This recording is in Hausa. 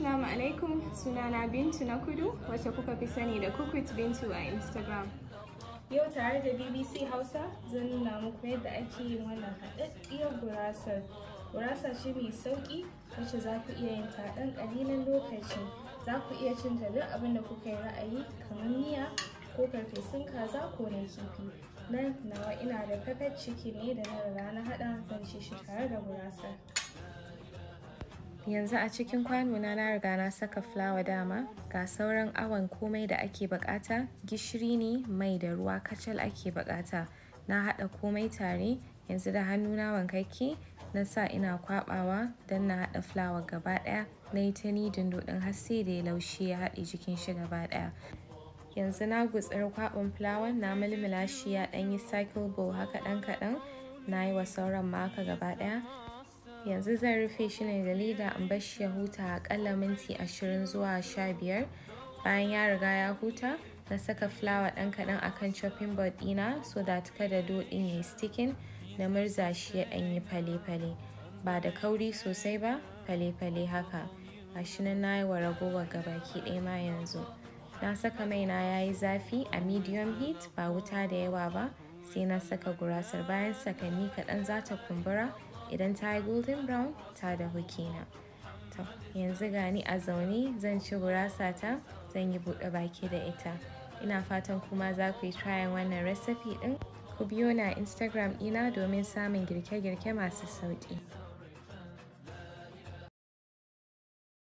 Assalamu alaikum sunana Bintu na kudu wacce kuka fi sani da Kukwit Bintu a Instagram. Yau tare da BBC Hausa zan nuna muku yadda ake yin wannan haɗaɗɗiyar gurasar. gurasar ce mai sauƙi wacce za ku iya yin ta ɗan ƙalilan lokaci. Za ku iya cin ta duk abin da kuka yi ra'ayi kamar miya ko farfesun kaza ko na kifi. Nan nawa ina da pepper ciki ne da na rana haɗa zan ci shi tare da gurasar. yanzu a cikin kwano na na riga na saka fulawa dama ga sauran awon komai da ake bukata gishiri ne mai da ruwa kacal ake bukata na hada komai tare yanzu da hannu na wankakke na sa ina kwabawa don na hada fulawa gaba daya na yi ta ni dindodin har sai da ya laushi ya haɗe jikin shi gaba daya yanzu na gutsar kwabin fulawa na mulmula shi ya dan yi cycle haka dan kadan na yi wa sauran maka gaba daya yanzu zan rufe shi ne da leda in bar shi ya huta akalla minti ashirin zuwa sha biyar bayan ya riga ya huta na saka fulawa ɗan kaɗan akan chopping board ɗina so that kada doɗin yayi ya yi sticking na murza shi ya ɗan yi fale-fale ba da kauri sosai ba fale-fale haka gashi nan na yi wa ragowar gabaki ɗaya ma yanzu na saka mai na ya yi zafi a medium heat ba wuta da yawa ba sai na saka gurasar bayan sakanni kaɗan za ta kumbura idan ta yi golden brown ta dahu kenan to yanzu gani a zaune zan ci gurasa ta zan yi buɗe baki da ita ina fatan kuma za ku yi tryin wannan recipe din ku biyo na instagram ɗina domin samun girke-girke masu sauƙi